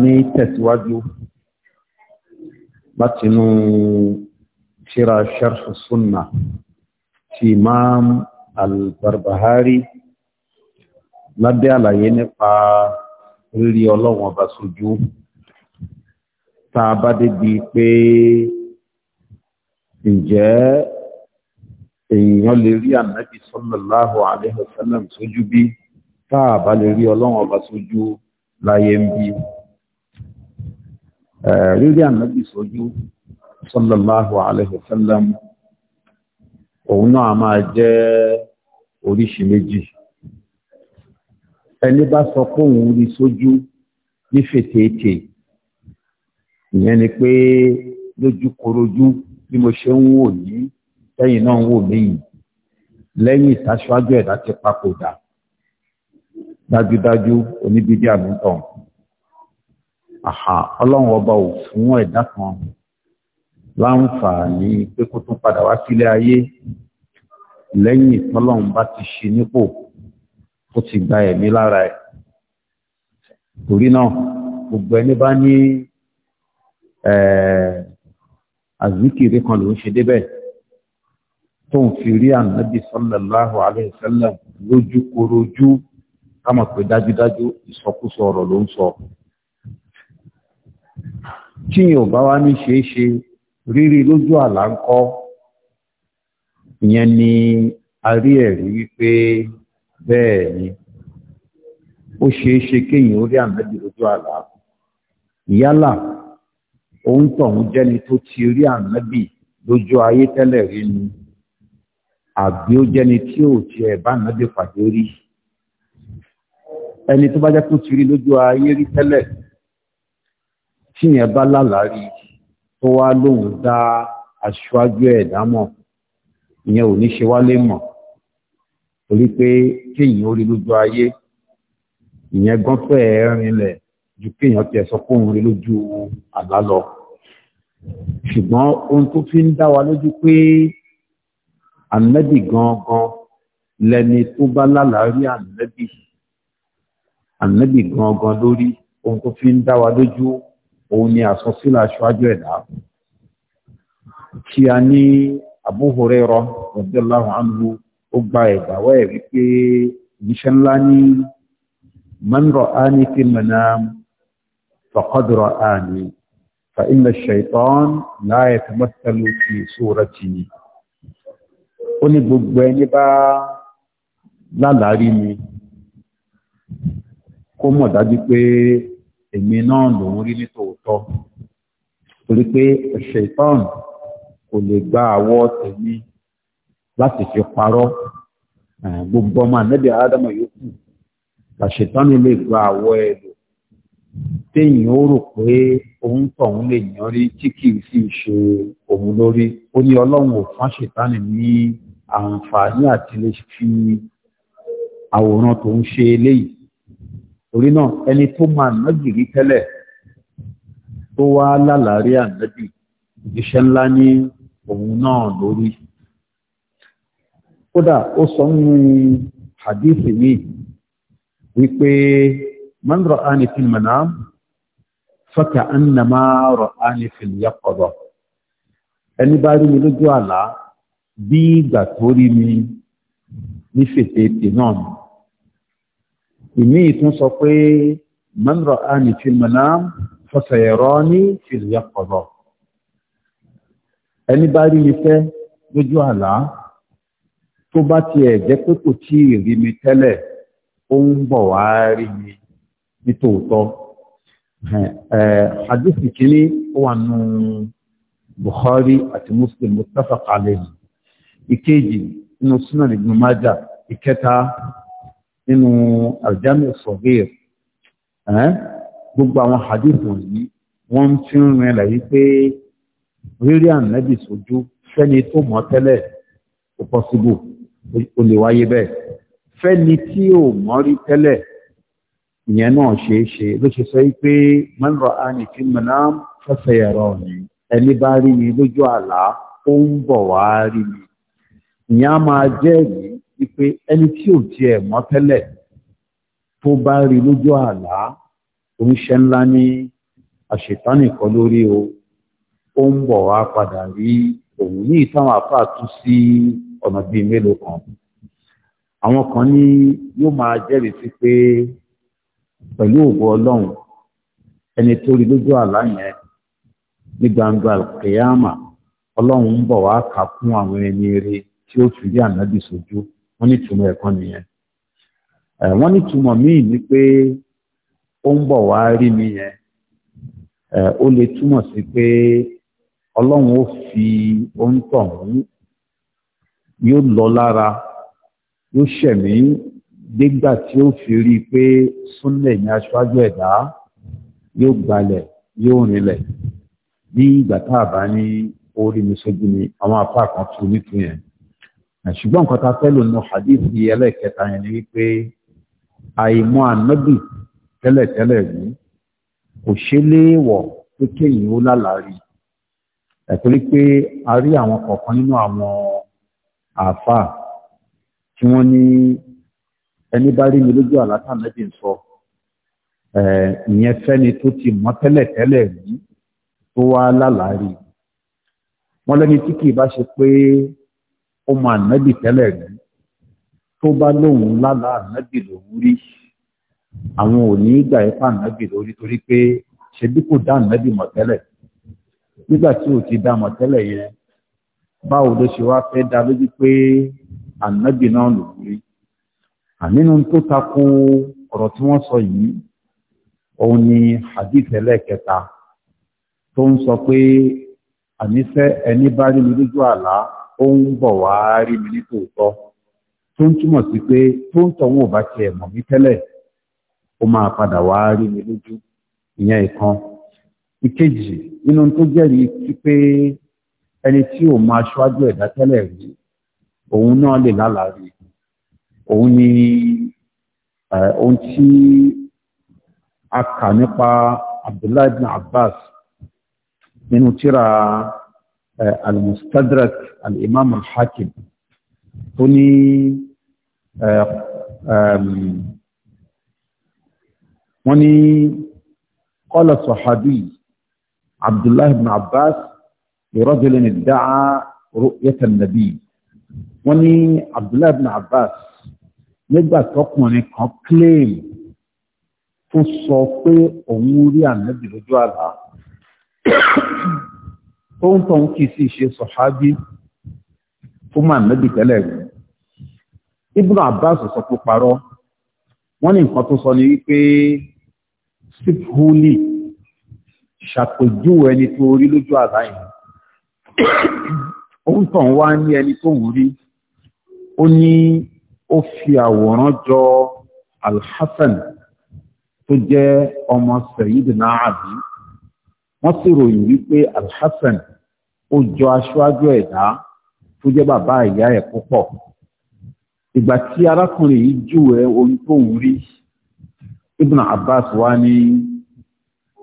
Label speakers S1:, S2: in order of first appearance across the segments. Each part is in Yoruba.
S1: ní tẹ̀síwájú látinú ṣíra sharh sunna ti imam al-barbahari lábẹ́ àlàyé nípa rírí ọlọ́wọ̀n ọba sójú tá a bá débi pé ǹjẹ́ èèyàn lè rí ànábì sallallahu alaihi sójú bí tá lè rí ọlọ́wọ̀n ọba sójú láyé ń bí rírí ànábì sójú sallallahu alaihi wasallam òun náà máa jẹ́ oríṣi méjì ẹni bá sọ pé òun rí sójú ní fètèètè ìyẹn ni pé lójúkorojú bí mo ṣe ń wò ní lẹ́yìn náà ń wò mí lẹ́yìn ìtaṣáájú ẹ̀dá ti papòdà dájúdájú oníbídí àlùtàn àhà ọlọ́run ọba ò fún ẹ̀dá kan láǹfààní pé kó tún padà wá sílé ayé lẹ́yìn tọ́lọ́run bá ti ṣe nípò ó ti gba ẹ̀mí lára ẹ̀ torí náà gbogbo ẹni bá ní àzíkiri kan ló ń ṣe débẹ̀ tó ń fi rí ànábì sallallahu alaihi wasallam lójú korojú ká mọ̀ pé dájúdájú ìsọkúsọ ọ̀rọ̀ ló ń sọ tíyìn ò bá wá ní ṣeé ṣe rírí lójú àlá ń kọ́ ìyẹn ni a rí ẹ̀rí wípé bẹ́ẹ̀ ni ó ṣeé ṣe kéèyàn ó rí ànábì lójú àlá yálà òun tọ̀hún jẹ́ni tó ti rí ànábì lójú ayé tẹ́lẹ̀ rí ni àbí ó jẹ́ni tí ò tiẹ̀ bá ànábì pàdé rí ẹni tó bá jẹ́ tó ti rí lójú ayé rí tẹ́lẹ̀ tí yẹn bá lálàárí tó wá lóhun dá aṣáájú ẹ̀dá mọ̀ ìyẹn ò ní ṣe wálé mọ̀ torí pé kéèyàn ó rí lójú ayé ìyẹn gan rinlẹ̀ ju kéèyàn tiẹ̀ sọ pé rí lójú àlá lọ ṣùgbọ́n ohun tó fi ń dá wa lójú pé ànábì gangan lẹni tó bá lálàárí ànábì ànábì gangan lórí ohun tó fi ń dá wa lójú òun ni àsọsílẹ̀ aṣáájú ẹ̀dá kí a ní Abu Hurairah radiyallahu anhu ó gba ẹ̀gbàwá ẹ̀ wípé ìníṣẹ́ ńlá ní man ra'ani fil manam faqad ra'ani fa inna ash-shaytan la yatamathalu fi surati ó ní gbogbo ẹni bá lálàárí mi kó mọ̀ dájú pé èmi náà lòún rí ní tòótọ́ torí pé ṣètọ́n kò lè gba àwọ̀ tèmi láti fi parọ́ gbogbo ọmọ ànábì ádámù yòókù ṣètọ́n lè gba àwọ̀ ẹ̀ lò téèyàn ó rò pé òun tọ̀hún lè yàn rí tí kìí sì ṣe òun lórí ó ní ọlọ́run ò fún ṣètánì ní àǹfààní àti lè fi àwòrán tòun ṣe eléyìí torí náà ẹni tó máa nájì rí tẹ́lẹ̀ tó wá lálàárí ànábì iṣẹ́ ńlá ní òun náà lórí kódà ó sọ ń hadithi mi wípé man ra'ani fil manam faka'annama ra'ani fil yaqadha ẹni bá rí mi lójú àlá bí ìgbà tó rí mi ní fètètè náà ìmí ìtún sọ pé man ra'ani fil manam fa sayarani fil yaqadha ẹni bá rí mi fẹ́ lójú àlá tó bá tiẹ̀ jẹ́ pé kò tí ì rí mi tẹ́lẹ̀ ó ń bọ̀ wá rí mi nítòótọ́ hadisi kìíní ó wà nù Bukhari àti Muslim muttafaq alayhi ìkejì nínú Sunan Ibn ìkẹta nínú aljami sọ̀gẹ́r gbogbo àwọn hadith wọ̀nyí wọ́n fi ń rin ẹ̀lẹ́ wípé rírí ànábì sójú fẹ́ni tó mọ̀ tẹ́lẹ̀ kò pọ́síbù ó lè wáyé bẹ́ẹ̀ fẹ́ni tí ò mọ̀ rí tẹ́lẹ̀ ìyẹn náà ṣe é ṣe ló ṣe sọ wípé man ra'ani fi manam fa sayarani ẹni bá rí mi lójú àlá ó ń bọ̀ wá rí mi ìyẹn á máa jẹ́rìí wípé ẹni tí ò tiẹ̀ mọ̀ tẹ́lẹ̀ tó bá rí lójú àlá tó ń ṣe ńlá ní àṣetánì kan lórí o ó ń bọ̀ wá padà rí òun yìí táwọn àfáà tú sí ọ̀nà bíi mélòó kan àwọn kan ní yóò máa jẹ́rìí pé pẹ̀lú ògo ọlọ́run ẹni tó rí lójú àlá yẹn ní gbangba kìyàmà ọlọ́run ń bọ̀ wá kà fún àwọn ẹni eré tí ó fi rí ànábì sójú. wọ́n ní ìtumọ̀ ẹ̀kọ́ nìyẹn wọ́n ní ìtumọ̀ míì ni pé ó ń bọ̀ wá rí mi yẹn ó lè túmọ̀ sí pé ọlọ́run ó fi oúntọ̀ mú yóò lọ lára yóò ṣẹ̀mí dégbà tí ó fi rí i pé súnlẹ̀ ní aṣáájú ẹ̀dá yóò gbalẹ̀ yóò rinlẹ̀ ní ìgbà tá a bá ní orí mi ni àwọn apá kan yẹn ṣùgbọ́n nǹkan ta fẹ́ lò nù hadith yìí ẹlẹ́ẹ̀kẹta yẹn ni wípé àìmọ̀ ànábì tẹ́lẹ̀tẹ́lẹ̀ rí kò ṣe léèwọ̀ pé kéyìn ó lálàárí ẹ̀tọ́rí pé a rí àwọn kọ̀ọ̀kan nínú àwọn àáfàá tí wọ́n ní ẹni bá rí mi lójú àlátànábì ń sọ ìyẹn fẹ́ni tó ti mọ̀ tẹ́lẹ̀tẹ́lẹ̀ rí tó wá lálàárí wọ́n lẹ́ni tí kì í bá ṣe pé ó mọ ànábì tẹ́lẹ̀ rí tó bá lóun lálá ànábì rí àwọn ò ní gbà ẹ́ fún ànábì lórí torí pé ṣebí kò dá ànábì mọ̀ tẹ́lẹ̀ nígbà tí ti dá mọ̀ tẹ́lẹ̀ yẹn báwo ló ṣe wá fẹ́ dá lójú pé ànábì náà sọ yìí àníṣẹ́ ẹni bá rí mi lójú àlá ó ń bọ̀ wá rí mi ní tòótọ́ tó ń túmọ̀ sí pé tó ń tọ̀wọ́n ò bá tiẹ̀ mọ̀ mí tẹ́lẹ̀ ó máa padà wá rí mi lójú ìyẹn ìkan ìkejì nínú tó jẹ́rìí sí pé ẹni tí ò máa ṣáájú ẹ̀dá tẹ́lẹ̀ rí òun náà lè lálàá rí òun ni ohun tí a kà nípa Abdullahi bin Abbas nínú tíra eh, al-mustadrak al-imam al-hakim tó ní eh, ehm, wọ́n ní qala sahabi abdullahi ibn abbas lirajulin idda'a ru'yata an-nabi wọ́n ní abdullahi ibn abbas nígbà tọkùnrin kan claim tó sọ pé òun rí ànábì lójú àlá ó ń tọ́ ń kì í sí ṣe sọ̀hábí fún máa nẹ́bì tẹ́lẹ̀ rí Ibn Abbas sọ pé parọ́ wọ́n ní nǹkan tó sọ ni wípé sípúlì ṣàpèjúwe ẹni tó rí lójú àlá yìí ó ń wá ní ẹni tó ń rí ó ní ó fi àwòrán jọ al tó jẹ́ ọmọ Sayyidina Àbí wọ́n sì ròyìn wípé alhassan ó jọ aṣáájú ẹ̀dá tó jẹ́ bàbá ìyá ẹ̀ púpọ̀ ìgbà tí arákùnrin yìí júwe ohun tó ń rí ibn abbas wá ní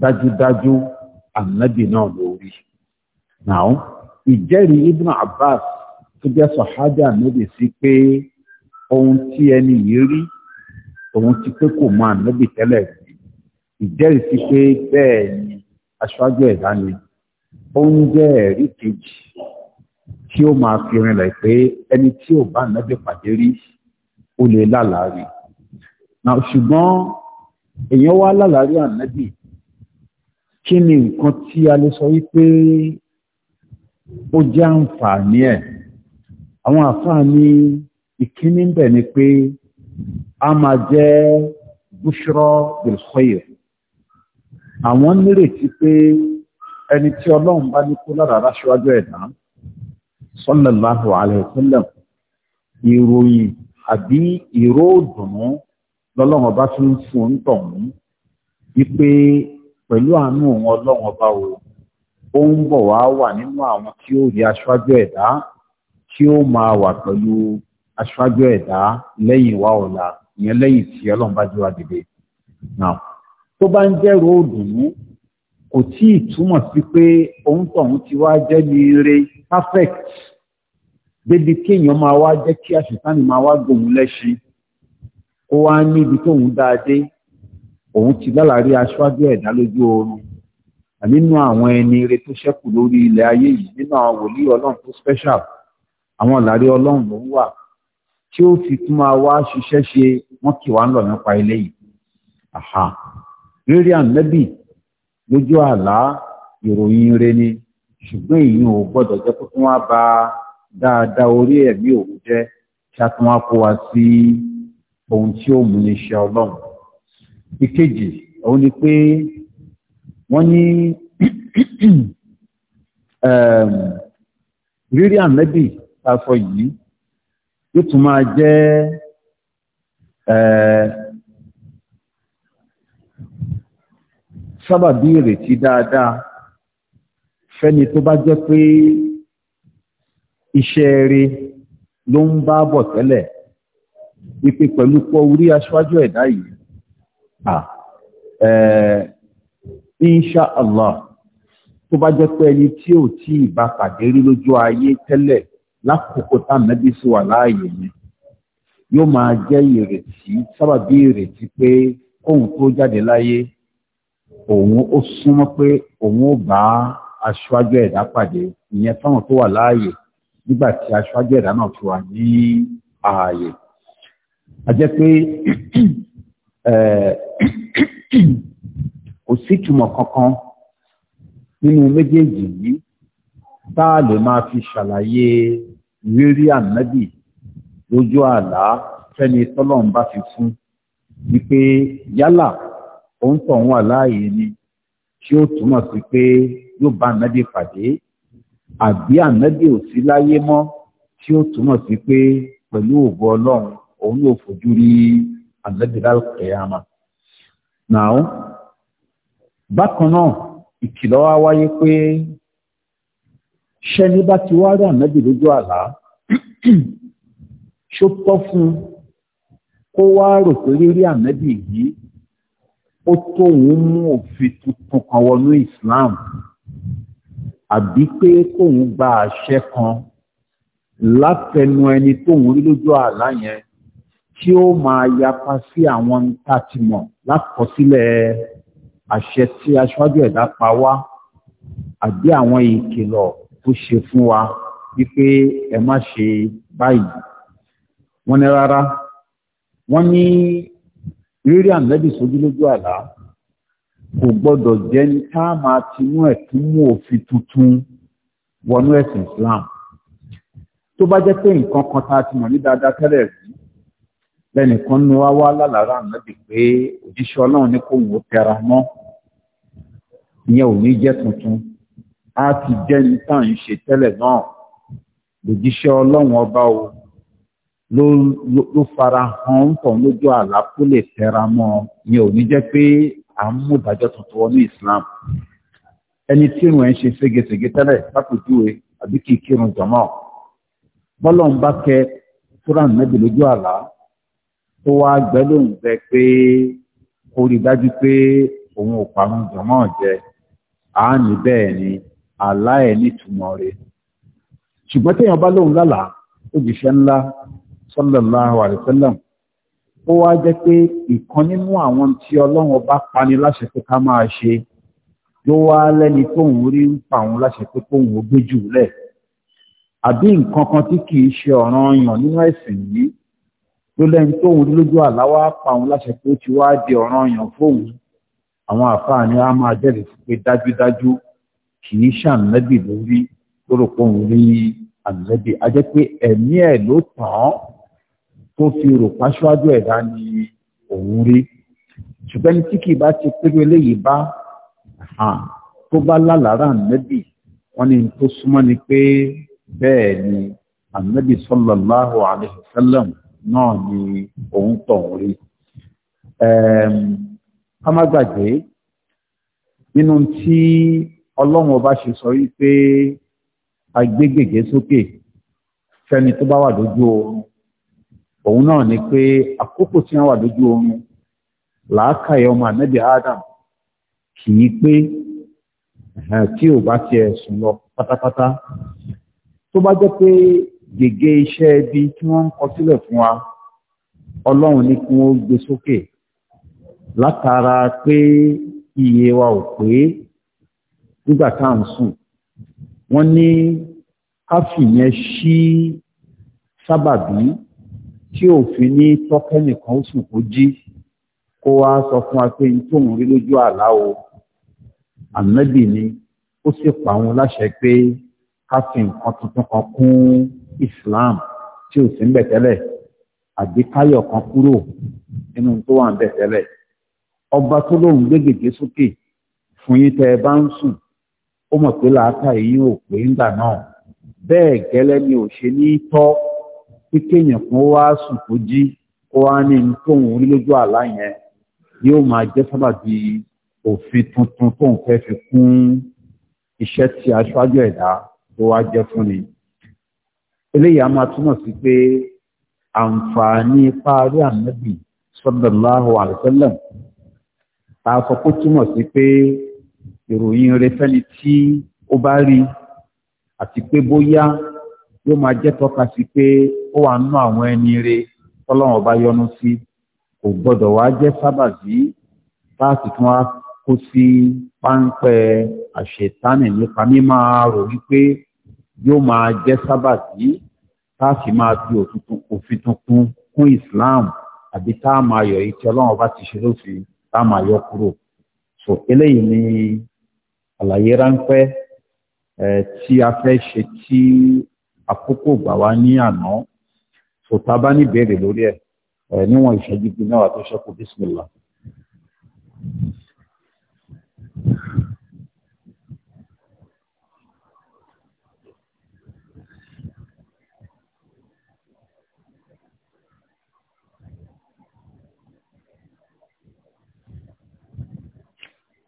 S1: dájúdájú ànábì náà lórí náà ìjẹ́rìí ibn abbas tó jẹ́ sọ̀hájà ànábì sí pé ohun tí ẹni yìí rí òun ti pé kò mọ ànábì tẹ́lẹ̀ rí ìjẹ́rìí sí pé bẹ́ẹ̀ ni aṣáájú ẹ̀dá ni ó ń jẹ́ ẹ̀rí kejì tí ó máa fi rinlẹ̀ pé ẹni tí ò bá nẹ́bí pàdé rí ó lè lálàárí náà ṣùgbọ́n èèyàn wá lálàárí ànẹ́bí kí ni nǹkan tí a lè sọ wípé ó jẹ́ àǹfààní ẹ̀ àwọn àǹfààní ìkíní ń bẹ̀ ni pé a máa jẹ́ bushra bil àwọn nírètí pé ẹni tí ọlọ́run bá ní kó lára aṣáájú ẹ̀dá sallallahu alaihi wasallam ìròyìn àbí ìró òdùnnú lọ́lọ́run ọba tún ń fún un tọ̀hún wípé pẹ̀lú àánú òun ọlọ́run ọba o ó ń bọ̀ wá wà nínú àwọn tí ó rí aṣáájú ẹ̀dá tí ó máa wà pẹ̀lú aṣáájú ẹ̀dá lẹ́yìn wa ọ̀la ìyẹn lẹ́yìn tí ọlọ́run bá jẹ́ wa dìde náà tó bá ń jẹ́rò òdùnú kò tí ì túmọ̀ sí pé òun tọ̀hún ti wá jẹ́ ní ire perfect débi kéèyàn máa wá jẹ́ kí àṣetánì máa wá gbòun lẹ́ṣin ó wá níbi tóun dáa dé òun ti lálàrí aṣáájú ẹ̀dá lójú oorun nínú àwọn ẹni ire tó ṣẹ́kù lórí ilẹ̀ ayé yìí nínú àwọn wòlíì ọlọ́run tó special àwọn ìlàrí ọlọ́run ló ń wà tí ó fi tún máa wá ṣiṣẹ́ ṣe wọ́n kì wá ń lọ nípa ilé yìí rírí ànábì lójú àlá ìròyìn rẹ ni ṣùgbọ́n èyí ò gbọ́dọ̀ jẹ́ kó tún wá ba dáadáa orí ẹ̀mí òun jẹ́ kí a tún wá kó wa sí ohun tí ó mú ní ṣe ọlọ́run. ìkejì òun ni pé wọ́n ní rírí ànábì tá sọ yìí yóò tún máa jẹ́ sábàbí ìrètí dáadáa fẹ́ni tó bá jẹ́ pé iṣẹ́ rere ló ń bá bọ̀ tẹ́lẹ̀ wípé pẹ̀lú pọ̀ orí aṣáájú ẹ̀dá yìí à insha allah tó bá jẹ́ pé ẹni tí ò tí ì bá pàdé rí lójú ayé tẹ́lẹ̀ lákòókò tá mẹ́bí sí wà láàyè yẹn yóò máa jẹ́ ìrètí sábàbí ìrètí pé kóun tó jáde láyé òun ó súnmọ́ pé òun ó bá aṣáájú ẹ̀dá pàdé ìyẹn fáwọn tó wà láàyè nígbà tí aṣáájú ẹ̀dá náà ti wà ní ààyè a jẹ́ pé kò sí ìtumọ̀ kankan nínú méjèèjì yìí tá a lè máa fi ṣàlàyé rírí ànábì lójú àlá fẹ́ni tọ́lọ́run bá fi fún wípé yálà òun tọ̀ ń wà láàyè ni tí ó túmọ̀ sí pé yóò bá ànábì pàdé àbí ànábì ò sí láyé mọ́ tí ó túmọ̀ sí pé pẹ̀lú ògo ọlọ́run òun yóò fojú rí ànábì lálùkẹ́yàmà. Nàá bákan náà ìkìlọ̀ wá wáyé pé ṣẹ́ni bá ti wá rí ànábì lójú àlá ṣó tọ́ fún kó wá rò pé rírí ànábì yìí ó tó òun mú òfin tuntun kan wọnú Islam àbí pé kóun gba àṣẹ kan látẹnu ẹni tóun rí lójú àlá yẹn tí ó máa yapa sí àwọn nta ti mọ̀ lákọsílẹ̀ àṣẹ tí aṣáájú ẹ̀dá pa wá àbí àwọn ìkìlọ̀ tó ṣe fún wa wípé ẹ má ṣe báyìí wọ́n ní rárá wọ́n ní rírí ànábì sójú lójú àlá kò gbọ́dọ̀ jẹ́ ní ká tinú ẹ̀ tún mú òfin tuntun wọnú ẹ̀sìn Islam tó bá jẹ́ pé nǹkan kan tá a ti mọ̀ ní dáadáa tẹ́lẹ̀ rí lẹ́nìkan nu wá wá lálàárá ànábì pé òjíṣẹ́ Ọlọ́run ní kóun ó tẹra mọ́ ìyẹn ò ní jẹ́ tuntun a ti jẹ́ ní tá à ń ṣe tẹ́lẹ̀ náà òjíṣẹ́ Ọlọ́run ọba o ló ló fara hàn ń tàn lójú àlá kó lè tẹra mọ́ ni ò ní pé à ń mú ìdájọ́ tuntun wọnú Islam ẹni tí irun ẹ̀ ń ṣe ségesège tẹ́lẹ̀ lápòjúwe àbí kì í kírun jọ̀mọ́ bọ́lọ̀ ń bá kẹ fúra nẹ́bí lójú àlá tó wá gbẹ́ bẹ pé kó rí dájú pé òun ò parun jọ̀mọ́ jẹ àání bẹ́ẹ̀ ni àlá ẹ̀ nítumọ̀ rẹ̀ ṣùgbọ́n téèyàn bá lóun lálàá ó jìṣẹ́ ńlá sallallahu alaihi wasallam ó wá jẹ́ pé ìkan nínú àwọn tí ọlọ́run ọba pani láṣẹ pé ká máa ṣe ló wá lẹ́ni tóun rí ń pa òun láṣẹ pé kóun ó gbé jù lẹ̀ àbí nǹkan kan tí kì ṣe ọ̀ràn yàn nínú ẹ̀sìn yìí ló lẹ́ni tóun rí lójú àláwá pa òun láṣẹ pé ó ti wá di ọ̀ràn yàn fóun àwọn àfáà ni a máa jẹ́rìí sí pé dájúdájú kì í ṣàǹnẹ́bì lórí tó rò pé òun rí àǹnẹ́bì a jẹ́ pé ẹ̀mí ẹ̀ ló tàn án tó fi rò páṣíwájú ẹ̀dá ni òun rí ṣùgbọ́n ní tí kì í bá ti pérú eléyìí bá tó bá lálàárà nẹ́bì wọ́n ní tó súnmọ́ ni pé bẹ́ẹ̀ ni ànẹ́bì sallallahu alaihi wasallam náà ni òun tọ̀hún rí ká má gbàgbé nínú tí ọlọ́run ọba ṣe sọ wípé agbégbègbè sókè fẹ́ni tó bá wà lójú oorun òun náà ni pé àkókò tí wọ́n wà lójú oorun làákàyè ọmọ Adam kì í pé tí ò bá tiẹ̀ sùn lọ pátápátá tó bá jẹ́ pé gègé iṣẹ́ ibi tí wọ́n ń kọ sílẹ̀ fún wa ọlọ́run ní kí wọ́n gbé sókè látara pé iye wa ò pé nígbà tá à ń sùn wọ́n ní tí òfin ní tọ́kẹ́ nìkan ó sùn kó jí kó wá sọ fún wa pé tóun rí lójú àlá o ànábì ni ó sì pa àwọn láṣẹ pé ká fi nǹkan tuntun kan kún Islam tí ò sí ń bẹ̀ tẹ́lẹ̀ àbí káyọ̀ kan kúrò nínú tó wà ń bẹ̀ tẹ́lẹ̀ ọba tó lóun gbégègé sókè fún yín tẹ́ ẹ bá ń sùn ó mọ̀ pé làákà yìí ò pé ńgbà náà bẹ́ẹ̀ gẹ́lẹ́ ni ò ṣe ní tọ́ pé kéèyàn kan wá sùn kó jí kó wá ní ní tóun orí lójú àlá yẹn yóò máa jẹ́ sábàbí òfin tuntun tóun fẹ́ fi kún iṣẹ́ tí aṣáájú ẹ̀dá tó wá jẹ́ fún ni. eléyìí a máa túmọ̀ sí pé àǹfààní parí ànábì sallallahu alaihi wasallam túmọ̀ sí pé ìròyìn rẹ fẹ́ni tí ó bá rí àti pé bóyá yóò máa jẹ́ tọ́ka sí pé ó wà nú àwọn ẹni rẹ tọ́lọ́run ọba yọ́nú sí kò gbọ́dọ̀ wá jẹ́ sábàbí báàsì tí wọ́n á kó sí páńpẹ́ àṣetánì nípa mímọ́ rò wípé yóò máa jẹ́ sábàbí báàsì máa fi òfin tuntun kún Islam àbí tá a máa yọ èyí tí ọlọ́run ọba ti ṣe lófin tá a máa yọ kúrò so eléyìí ni àlàyé ráńpẹ́ tí a fẹ́ ṣe tí àkókò gbà wá ní àná sọ̀tà bá ní ìbéèrè lórí ẹ̀ níwọ̀n ìṣẹ́jú bíi mẹ́wàá tó ṣẹ́kù bísímìlà.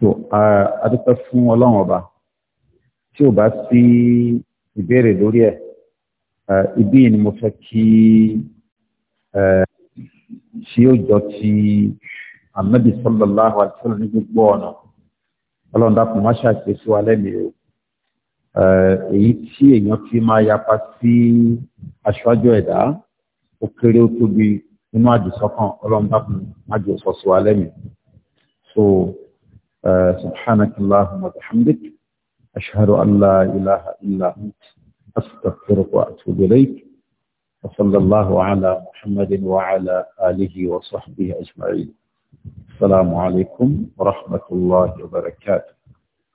S1: So adúpẹ́ fún ọlọ́run ọba tí ò bá sí ìbéèrè lórí ẹ̀ ibí ni mo fẹ́ kí ṣe ó jọ ti Ànábì sallallahu alaihi wasallam ní gbogbo ọ̀nà ọlọ́run dákun má ṣàkíyèsí wa lẹ́mìí o èyí tí èèyàn fi máa yapa sí aṣáájú ẹ̀dá ó kéré ó tóbi nínú àdìsọ́kàn ọlọ́run dákun má jẹ́ sọ́sọ́ wa lẹ́mìí so subhanakallahumma wa bihamdik ashhadu an la ilaha illa أستغفرك وأتوب إليك وصلى الله على محمد وعلى آله وصحبه أجمعين السلام عليكم ورحمة الله وبركاته